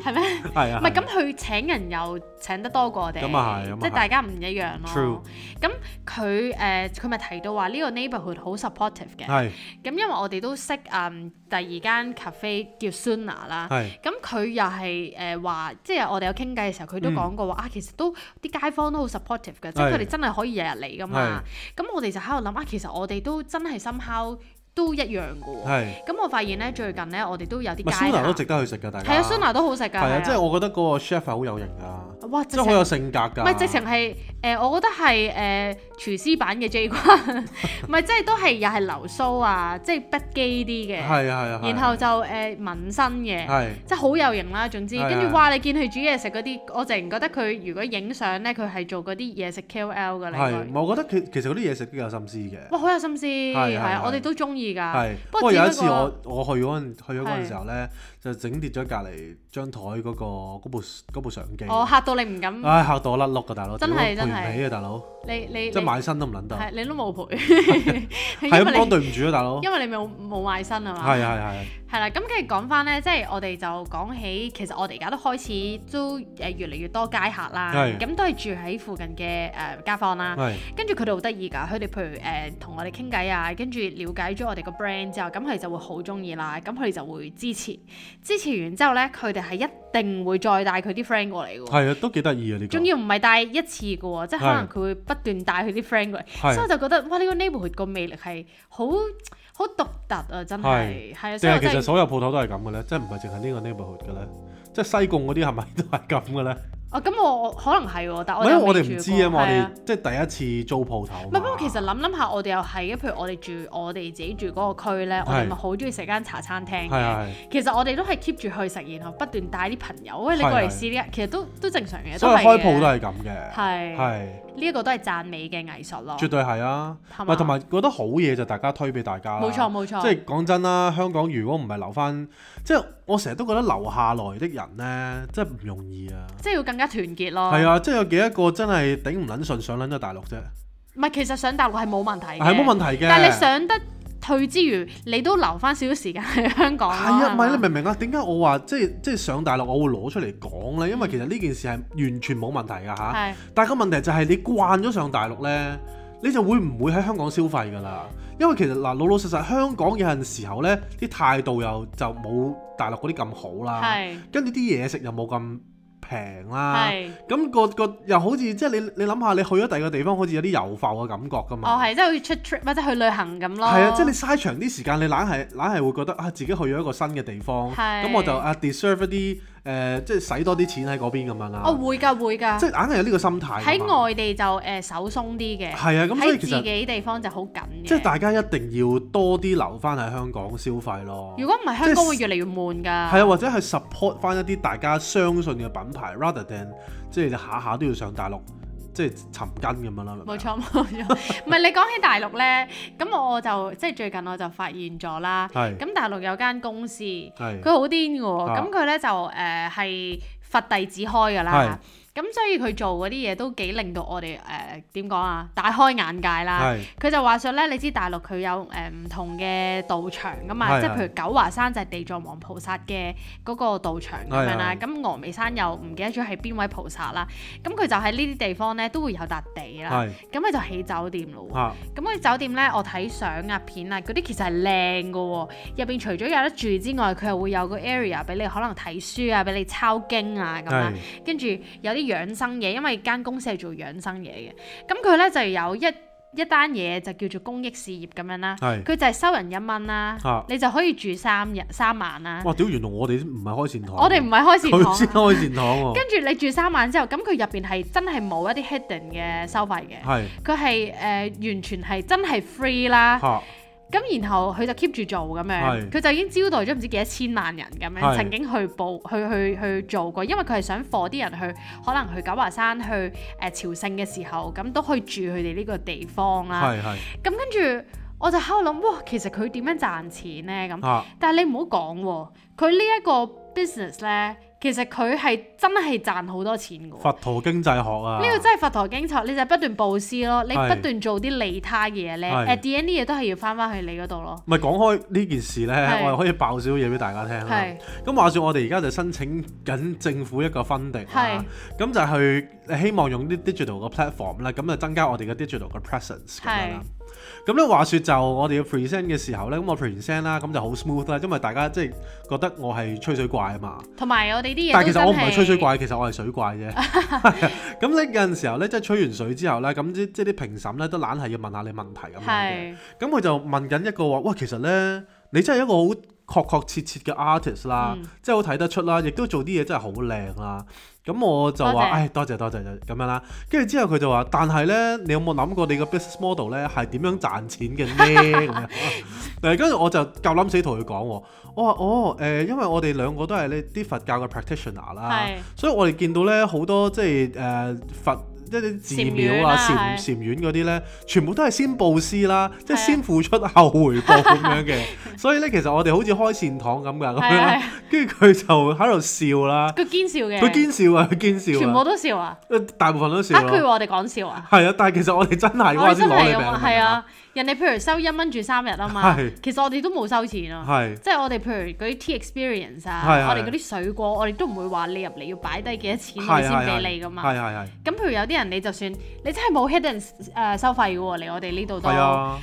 Speaker 2: 係咩？係啊，唔係咁佢請人又請得多過我哋，咁啊係，即係大家唔一樣咯。True，咁佢誒佢咪提到話呢個 neighborhood 好 supportive 嘅。係咁因為我哋都識嗯，第二間 cafe 叫 Suna 啦，係咁佢又係誒話，即係我哋有傾偈嘅時候，佢都講過話啊，其實都啲街坊都好 supportive 嘅，即係佢哋真係可以日日嚟㗎嘛。咁我哋就喺度諗啊，其實我哋都真係深烤。都一樣嘅喎，係咁我發現咧，最近咧我哋都有啲佳餚都值
Speaker 1: 得去食㗎，大家係啊，蘇娜都好食㗎，係啊，即係我覺得嗰個 chef 係好有型㗎，
Speaker 2: 哇，即係好有性
Speaker 1: 格㗎，唔係直情
Speaker 2: 係誒，我覺得係誒廚師版嘅 J 冠，唔係即係都係又係流蘇啊，即係不羈啲嘅，係啊係啊，然後就誒紋身嘅，係即係好有型啦，總之跟住哇，你見佢煮嘢食嗰啲，我淨覺得佢如果影相咧，佢係做嗰啲嘢食 KOL 㗎，係，唔係
Speaker 1: 我覺得佢其實嗰啲嘢食都有心思嘅，
Speaker 2: 哇，好有心思係係，我哋都中意。係
Speaker 1: 不過、嗰個、有一次我我去嗰、嗰個、去咗嗰陣時候咧。就整跌咗隔籬張台嗰部部相機，我嚇
Speaker 2: 到你唔敢，唉嚇
Speaker 1: 到我甩碌噶大佬，真係真係，賠唔起啊大佬，
Speaker 2: 你你即係賣
Speaker 1: 身都唔撚到，
Speaker 2: 你都冇賠，係幫對
Speaker 1: 唔住啊大佬，因
Speaker 2: 為你冇冇賣身啊嘛，係係係，係啦，咁跟住講翻咧，即係我哋就講起，其實我哋而家都開始都誒越嚟越多街客啦，咁都係住喺附近嘅誒街坊啦，跟住佢哋好得意噶，佢哋譬如誒同我哋傾偈啊，跟住了解咗我哋個 brand 之後，咁佢哋就會好中意啦，咁佢哋就會支持。支持完之後呢，佢哋係一定會再帶佢啲 friend 過嚟㗎。係
Speaker 1: 啊，都幾得意啊啲。仲
Speaker 2: 要唔係帶一次㗎喎，即係可能佢會不斷帶佢啲 friend 過嚟。所以我就覺得，哇！呢個 neighborhood 個魅力係好好獨特啊，真係。係啊。定係其實所
Speaker 1: 有鋪頭都係咁嘅咧，即係唔係淨係呢個 neighborhood 嘅咧？即係西貢嗰啲係咪都係咁嘅咧？
Speaker 2: 咁我可能係喎，但我因為我哋唔知啊嘛，我哋
Speaker 1: 即係第一次租鋪頭。唔係，
Speaker 2: 不過其實諗諗下，我哋又係嘅。譬如我哋住我哋自己住嗰個區咧，我哋咪好中意食間茶餐廳。其實我哋都係 keep 住去食，然後不斷帶啲朋友喂，你過嚟試呢？其實都都正常嘅。所以開鋪都係
Speaker 1: 咁嘅。係係。
Speaker 2: 呢一個都係讚美嘅藝術咯。絕
Speaker 1: 對係啊，唔同埋覺得好嘢就大家推俾大家。冇錯冇錯。即係講真啦，香港如果唔係留翻，即係我成日都覺得留下來的人咧，即係唔容易啊。
Speaker 2: 即係要更。而家團結咯，係啊，即
Speaker 1: 係有幾多個真係頂唔撚順上撚咗大陸啫？
Speaker 2: 唔係，其實上大陸係冇問題，係冇問題嘅。但係你上得去之餘，你都留翻少少時間喺香港。係啊，唔
Speaker 1: 係你明唔明啊？點解我話即係即係上大陸，我會攞出嚟講咧？因為其實呢件事係完全冇問題㗎嚇。是但係個問題就係你慣咗上大陸咧，你就會唔會喺香港消費㗎啦？因為其實嗱老老實實香港有陣時候咧，啲態度又就冇大陸嗰啲咁好啦。係，跟住啲嘢食又冇咁平啦，咁的、個個又好似即係你你諗下，你，想想你去咗第二個地方，好似有啲遊浮嘅感覺㗎嘛。哦，係即
Speaker 2: 係好似出 trip 或者去旅行咁咯。係啊，即係你
Speaker 1: 嘥長啲時間，你懶係懶係會覺得啊，自己去咗一個新嘅地方。係的，咁我就啊、uh, deserve 一啲。誒、呃，即係使多啲錢喺嗰邊咁樣啦。哦，
Speaker 2: 會㗎，會㗎。即係
Speaker 1: 硬係有呢個心態。喺
Speaker 2: 外地就誒、呃、手鬆啲嘅。係啊，咁所以其實自己地方就好緊。即係
Speaker 1: 大家一定要多啲留翻喺香港消費咯。
Speaker 2: 如果唔係，香港會越嚟越悶㗎。係啊，
Speaker 1: 或者係 support 翻一啲大家相信嘅品牌，rather than 即係你下下都要上大陸。即係尋根咁樣啦，冇錯冇
Speaker 2: 錯。唔係 你講起大陸咧，咁 我就即係最近我就發現咗啦。係是。咁大陸有間公司，係是。佢好癲嘅喎，咁佢咧就誒係、呃、佛弟子開嘅啦。咁所以佢做啲嘢都幾令到我哋誒，點講啊，大、呃、開眼界啦。佢是就話說咧，你知大陸佢有誒唔同嘅道場噶嘛，即係是譬如九華山就係地藏王菩薩嘅個道場咁樣、嗯、啦。咁峨眉山又唔記得咗係邊位菩薩啦。咁佢就喺呢啲地方咧都會有笪地啦。咁佢是、嗯嗯、就起酒店咯。咁佢的酒店咧，我睇相啊片啊啲、啊、其實係靚噶。入邊除咗有得住之外，佢又會有個 area 俾你可能睇書啊，俾你抄經啊咁樣。跟住有啲啲養生嘢，因為間公司係做養生嘢嘅，咁佢咧就有一一單嘢就叫做公益事業咁樣啦。係是，佢就係收人一蚊啦，是你就可以住三日三晚啦。哇，
Speaker 1: 屌！原來我哋唔係開善堂，我哋唔
Speaker 2: 係開善堂，啊，佢先開
Speaker 3: 善堂。跟
Speaker 2: 住你住三晚之後，咁佢入邊係真係冇一啲 hidden 嘅收費嘅，係是，佢係誒完全係真係 free 啦。咁然後佢就 keep 住做咁樣，佢是就已經招待咗唔知幾多千萬人咁樣曾經去報是去去去做過，因為佢係想俾啲人去可能去九華山去誒朝聖嘅時候，咁都可以住佢哋呢個地方啦。係咁跟住我就喺度諗，哇！其實佢點樣賺錢咧？咁，但係你唔好講喎，佢呢一個 business 咧。其實佢係真係賺好多錢㗎。
Speaker 1: 佛陀經濟學啊，呢個
Speaker 2: 真係佛陀經濟學，你就不斷佈施咯，你不斷做啲利他嘢咧。誒是、呃、D N D 嘢都係要翻翻去你嗰度咯。
Speaker 1: 唔係講開呢件事咧，是 我哋可以爆少少嘢俾大家聽啦。咁是 話說我哋而家就申請緊政府一個 funding，n 咁就去希望用啲 digital 嘅 platform 咧，咁就增加我哋嘅 digital 嘅 presence 咁樣啦。是 咁咧話說就我哋要 present 嘅時候咧，咁我 present 啦，咁就好 smooth 啦，因為大家即係覺得我係吹水怪啊嘛。
Speaker 2: 同埋我哋啲嘢，但係其實我唔係吹水怪，
Speaker 1: 其實我係水怪啫。咁咧有陣時候咧，即係吹完水之後咧，咁即即係啲評審咧都懶係要問下你問題咁樣嘅。咁佢是就問緊一個話，喂，其實咧你真係一個好。確確切切嘅 artist 啦，嗯、即係好睇得出啦，亦都做啲嘢真係好靚啦。咁我就話：唉謝、哎，多謝多謝就咁樣啦。跟住之後佢就話：但係呢，你有冇諗過你個 business model 呢係點樣賺錢嘅呢？」
Speaker 3: 咁
Speaker 1: 樣。跟住我就夠諗死同佢講，我話：哦，誒、呃，因為我哋兩個都係呢啲佛教嘅 practitioner 啦，是所以我哋見到呢好多即係誒佛。即係啲寺廟啊、禪禪院嗰啲咧，全部都係先佈施啦，即係先付出後回報咁樣嘅。所以咧，其實我哋好似開善堂咁㗎。係啊，跟住佢就喺度笑啦。
Speaker 2: 佢堅笑嘅。佢堅
Speaker 1: 笑啊！佢堅笑。全部都
Speaker 2: 笑啊！
Speaker 1: 大部分都笑。佢話我
Speaker 2: 哋講笑啊！
Speaker 1: 係啊，但係其實我哋真係我話先攞你名號。
Speaker 2: 人哋譬如收一蚊住三日啊嘛，其實我哋都冇收錢啊。即係我哋譬如嗰啲 tea experience 啊，我哋嗰啲水果，我哋都唔會話你入嚟要擺低幾多錢你先俾你噶嘛。咁譬如有啲人你就算你真係冇 hidden 誒收費嘅喎，嚟我哋呢度都，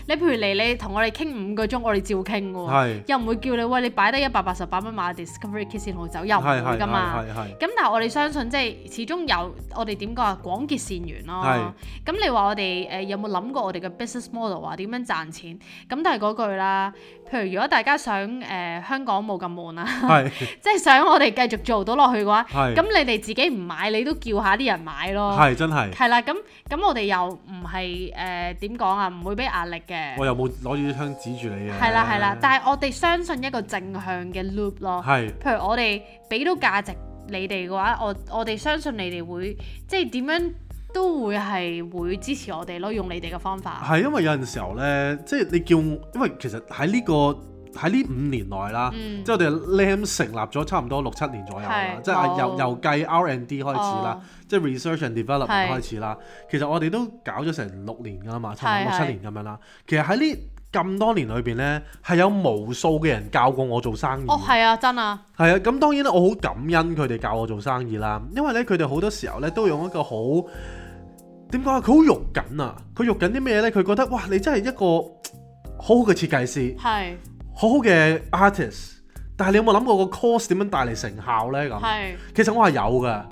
Speaker 2: 你譬如嚟你同我哋傾五個鐘，我哋照傾喎，又唔會叫你喂，你擺低一百八十八蚊買 Discovery Kit 先同我走，又唔會噶嘛。咁但係我哋相信即係始終有我哋點講啊，廣結善緣咯。咁你話我哋誒有冇諗過我哋嘅 business model 啊？點樣賺錢？咁都係嗰句啦。譬如如果大家想誒、呃、香港冇咁悶啦，啊，是 即係想我哋繼續做到落去嘅話，咁是你哋自己唔買，你都叫下啲人買咯。係真係。係啦，咁咁我哋又唔係誒點講啊？唔會俾壓力嘅。我
Speaker 1: 又冇攞住支槍指住你嘅，啊。係啦係啦，但係
Speaker 2: 我哋相信一個正向嘅 loop 咯。係是。譬如我哋俾到價值你哋嘅話，我我哋相信你哋會即係點樣。都會係會支持我哋咯，用你哋嘅方法。
Speaker 1: 係因為有陣時候咧，即係你叫，因為其實喺呢、呢個喺呢五年內啦，嗯、即係我哋 l a m 成立咗差唔多六七年左右啦，
Speaker 2: 是即係由、哦、由，
Speaker 1: 由計 R and D 開始啦，哦、即係 research and development 開始啦。是其實我哋都搞咗成六年㗎嘛，差唔多六七年咁樣啦。是是其實喺呢咁多年裏邊呢，係有無數嘅人教過我做生意。哦，係
Speaker 2: 啊，真啊。
Speaker 1: 係啊，咁當然咧，我好感恩佢哋教我做生意啦。因為呢，佢哋好多時候呢，都用一個好點講啊，佢好慾緊啊。佢肉緊啲咩呢？佢覺得哇，你真係一個好好嘅設計師，係是好好嘅 artist。但係你有冇諗過個 course 點樣帶嚟成效呢？咁係是其實我係有㗎。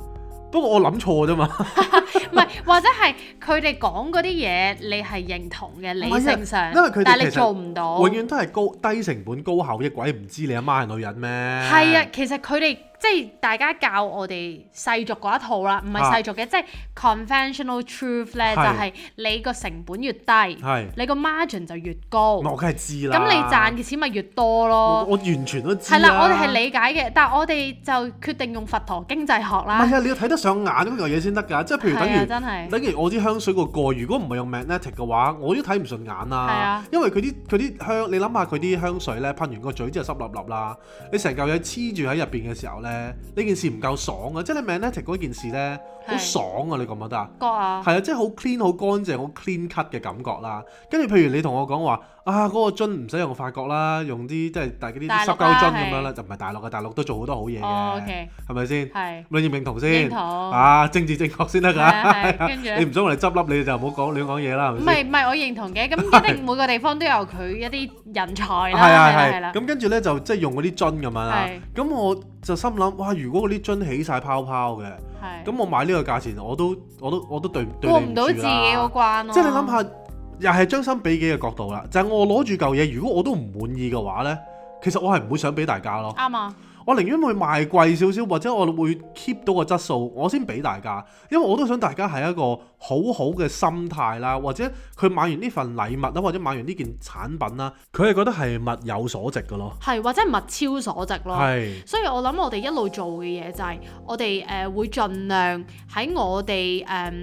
Speaker 1: 不過我諗錯啫嘛 ，
Speaker 2: 唔係或者係佢哋講嗰啲嘢你係認同嘅、啊、理性上，因為但係你做唔到，永
Speaker 1: 遠都係高低成本高效益，鬼唔知你阿媽係女人咩？係啊，
Speaker 2: 其實佢哋。即係大家教我哋世俗嗰一套啦，唔係世俗嘅，啊、即係 conventional truth 咧，是就係你個成本越低，是你個 margin 就越高。我梗係知啦。咁你賺嘅錢咪越多咯我。我
Speaker 1: 完全都知啦。係啦，我哋係理
Speaker 2: 解嘅，但係我哋就決定用佛陀經濟學啦。唔係啊，
Speaker 1: 你要睇得上眼咁樣嘢先得㗎，即係譬如等於、啊、真係。等於我啲香水個蓋，如果唔係用 magnetic 嘅話，我都睇唔順眼啊。係啊。因為佢啲佢啲香，你諗下佢啲香水咧，噴完個嘴之後濕立立啦，你成嚿嘢黐住喺入邊嘅時候咧。呢件事唔夠爽，是爽啊！即係你 Manhattan 嗰件事咧，好爽啊！你覺唔覺得啊？係啊，即係好 clean、好乾淨、好 clean cut 嘅感覺啦。跟住譬如你同我講話。啊！嗰個樽唔使用法國啦，用啲即係大嗰啲濕膠樽咁樣啦，就唔係大陸嘅。大陸都做好多好嘢嘅，係咪先？係。你認唔認同先？認同。啊，政治正確先得㗎。跟住咧，你唔想我哋執笠，你就唔好講亂講嘢啦，係咪？唔係
Speaker 2: 唔係，我認同嘅。咁一定每個地方都有佢一啲人才啦。係係係。咁
Speaker 1: 跟住咧就即係用嗰啲樽咁樣啦。係。咁我就心諗，哇！如果嗰啲樽起曬泡泡嘅，咁我買呢個價錢，我都我都我都對過唔到自己
Speaker 2: 嗰關。即係你諗下。
Speaker 1: 又係將心比己嘅角度啦，就係、是、我攞住嚿嘢，如果我都唔滿意嘅話呢，其實我係唔會想俾大家咯。啱啊吧！我寧願會賣貴少少，或者我會 keep 到個質素，我先俾大家，因為我都想大家係一個好好嘅心態啦，或者佢買完呢份禮物啊，或者買完呢件產品啦，佢係覺得係物有所值嘅咯。
Speaker 2: 係或者物超所值咯。係是，所以我諗我哋一路做嘅嘢就係、是、我哋誒、呃、會盡量喺我哋誒。呃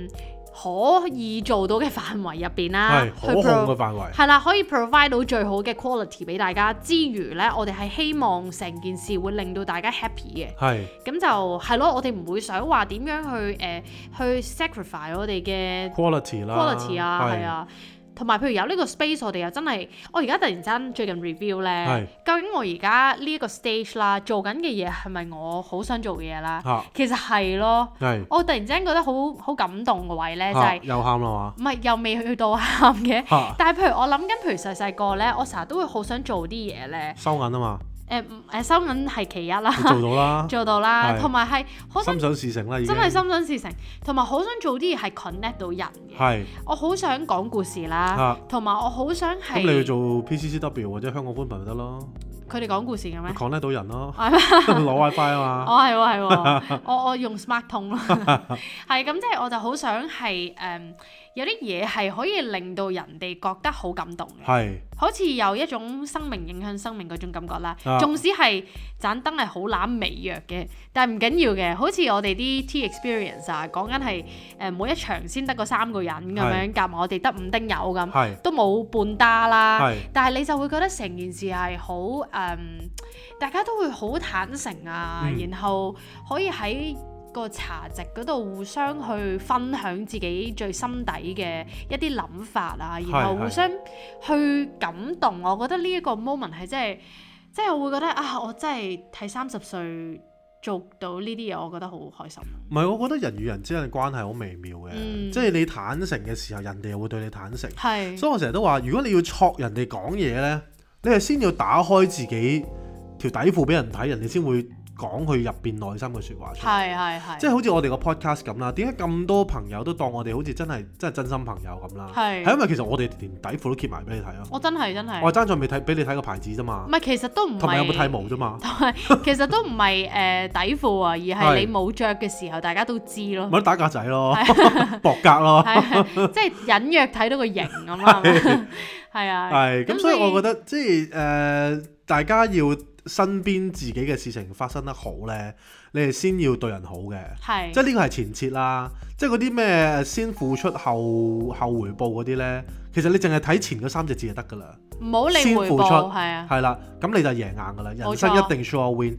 Speaker 2: 可以做到嘅範圍入邊啦，係可控嘅範圍，係啦，可以 provide 到最好嘅 quality 俾大家，之餘咧，我哋係希望成件事會令到大家 happy 嘅，係是，咁就係咯，我哋唔會想話點樣去誒、呃、去 sacrifice 我哋嘅 quality
Speaker 1: 啦，quality 啦。啊，係了是啊。
Speaker 2: 同埋譬如有呢個 space，我哋又真係，我而家突然間最近 review 咧，是究竟我而家呢一個 stage 啦，做緊嘅嘢係咪我好想做嘅嘢啦？啊、其實係咯，是我突然之間覺得好好感動嘅位咧，就係、是啊、
Speaker 1: 又喊啦嘛，
Speaker 2: 唔係又未去到喊嘅，啊、但係譬如我諗緊，譬如細細個咧，我成日都會好想做啲嘢咧，收銀啊嘛。誒誒、呃、新聞係其一啦，做到啦，做到啦，同埋係好想心
Speaker 1: 想事成啦，真係心
Speaker 2: 想事成，同埋好想做啲嘢係 connect 到人嘅，是我好想講故事啦，同埋、啊、我好想係。咁、啊、你要
Speaker 1: 做 PCCW 或者香港寬頻咪得咯？
Speaker 2: 佢哋講故事嘅咩？講
Speaker 1: 得到人咯，攞 WiFi 啊嘛。 哦，係喎係喎，
Speaker 2: 我我用 Smart 通咯。係 咁，即係我就好想係誒、呃，有啲嘢係可以令到人哋覺得好感動嘅。係是。好似有一種生命影響生命嗰種感覺啦。縱、啊、使係盞燈係好冷微弱嘅，但係唔緊要嘅。好似我哋啲 Tea experience 啊，講緊係誒每一場先得嗰三個人咁樣夾埋，是我哋得五丁友咁，是都冇半打啦。是但係你就會覺得成件事係好大家都會好坦誠啊，嗯、然後可以喺個茶席嗰度互相去分享自己最心底嘅一啲諗法啊，嗯、然後互相去感動。嗯、我覺得呢一個 moment 係真係，即係我會覺得啊，我真係喺三十歲做到呢啲嘢，我覺得好開心。
Speaker 1: 唔係，我覺得人與人之間嘅關係好微妙嘅，嗯、即係你坦誠嘅時候，人哋又會對你坦誠。係是，是所以我成日都話，如果你要捉人哋講嘢呢。你係先要打開自己條底褲俾人睇，人哋先會，講佢入邊內心嘅説話出
Speaker 2: 嚟，係係係，即
Speaker 1: 係好似我哋個 podcast 咁啦。點解咁多朋友都當我哋好似真係真係真心朋友咁啦？係係因為其實我哋連底褲都揭埋俾你睇咯。我
Speaker 2: 真係真係，我
Speaker 1: 爭在未睇俾你睇個牌子啫嘛。
Speaker 2: 唔係，其實都唔同埋有冇睇毛啫嘛。同埋其實都唔係誒底褲啊，而係你冇着嘅時候，大家都知咯。咪
Speaker 1: 打格仔咯，博格咯，
Speaker 2: 即係隱約睇到個型咁啊嘛，係啊。係咁，所以我覺
Speaker 1: 得即係誒，大家要。身邊自己嘅事情發生得好呢，你係先要對人好嘅，是即係呢個係前設啦。即係嗰啲咩先付出後後回報嗰啲呢？其實你淨係睇前嗰三隻字就得㗎啦。唔好理
Speaker 2: 回報，先付出，係啊，
Speaker 1: 係啦，咁你就贏硬㗎啦。人生一定 sure win 錯。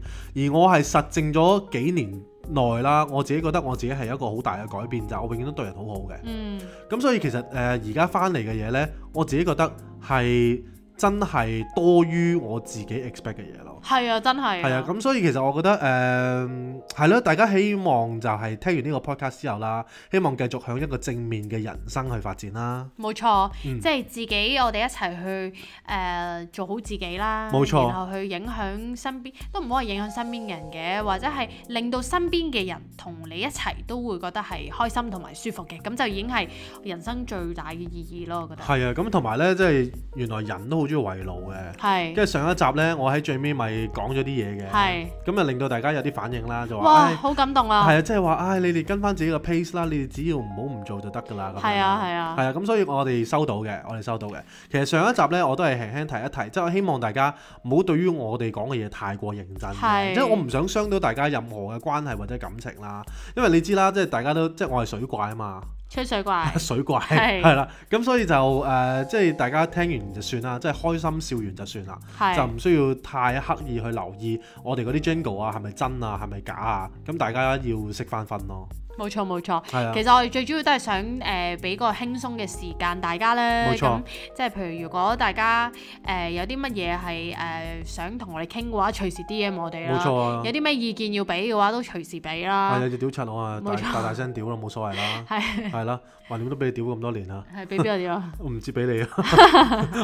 Speaker 1: 而我係實證咗幾年內啦，我自己覺得我自己係一個好大嘅改變就我永遠都對人好好嘅。咁、嗯、所以其實誒而家翻嚟嘅嘢呢，我自己覺得係真係多於我自己 expect 嘅嘢。
Speaker 2: 係啊，真係啊！係
Speaker 1: 啊，咁所以其實我覺得誒係咯，大家希望就係聽完呢個 podcast 之後啦，希望繼續向一個正面嘅人生去發展啦。
Speaker 2: 冇錯錯，嗯、即係自己，我哋一齊去誒、呃、做好自己啦。冇錯錯，然後去影響身邊，都唔可以影響身邊嘅人嘅，或者係令到身邊嘅人同你一齊都會覺得係開心同埋舒服嘅。咁就已經係人生最大嘅意義咯，我覺得。係
Speaker 1: 啊，咁同埋咧，即係原來人都好中意圍爐嘅。係的，跟住上一集咧，我喺最尾咪，講咗啲嘢嘅，咁啊是令到大家有啲反應啦，就話哇唉
Speaker 2: 好感動啊，係
Speaker 1: 啊，即係話唉，你哋跟翻自己個 pace 啦，你哋只要唔好唔做就得噶啦，係啊係
Speaker 2: 啊，係
Speaker 1: 啊，咁所以我哋收到嘅，我哋收到嘅，其實上一集咧我都係輕輕提一提，即係我希望大家唔好對於我哋講嘅嘢太過認真，即係是我唔想傷到大家任何嘅關係或者感情啦，因為你知啦，即係大家都即係我係水怪啊嘛。吹水怪， 水怪係啦，咁是所以就誒、呃，即係大家聽完就算啦，即係開心笑完就算啦，是就唔需要太刻意去留意我哋嗰啲 jingle 啊係咪真啊係咪假啊，咁大家要識翻分咯。
Speaker 2: 冇錯冇錯，其實我哋最主要都係想誒俾、呃、個輕鬆嘅時間大家咧，咁錯、嗯、即係譬如如果大家誒、呃、有啲乜嘢係誒想同我哋傾嘅話，隨時 DM 我哋啦，錯啊、有啲咩意見要俾嘅話都隨時俾啦。係、啊、有
Speaker 1: 隻屌拆我啊錯大、大大聲屌咯，冇所謂啦。係係啦，橫掂都俾你屌咁多年啦。係俾俾我哋啊？我唔知俾你啊。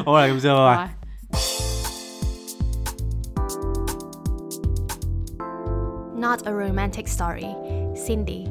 Speaker 1: 好啦，咁先拜拜。
Speaker 2: Not a romantic story, Cindy.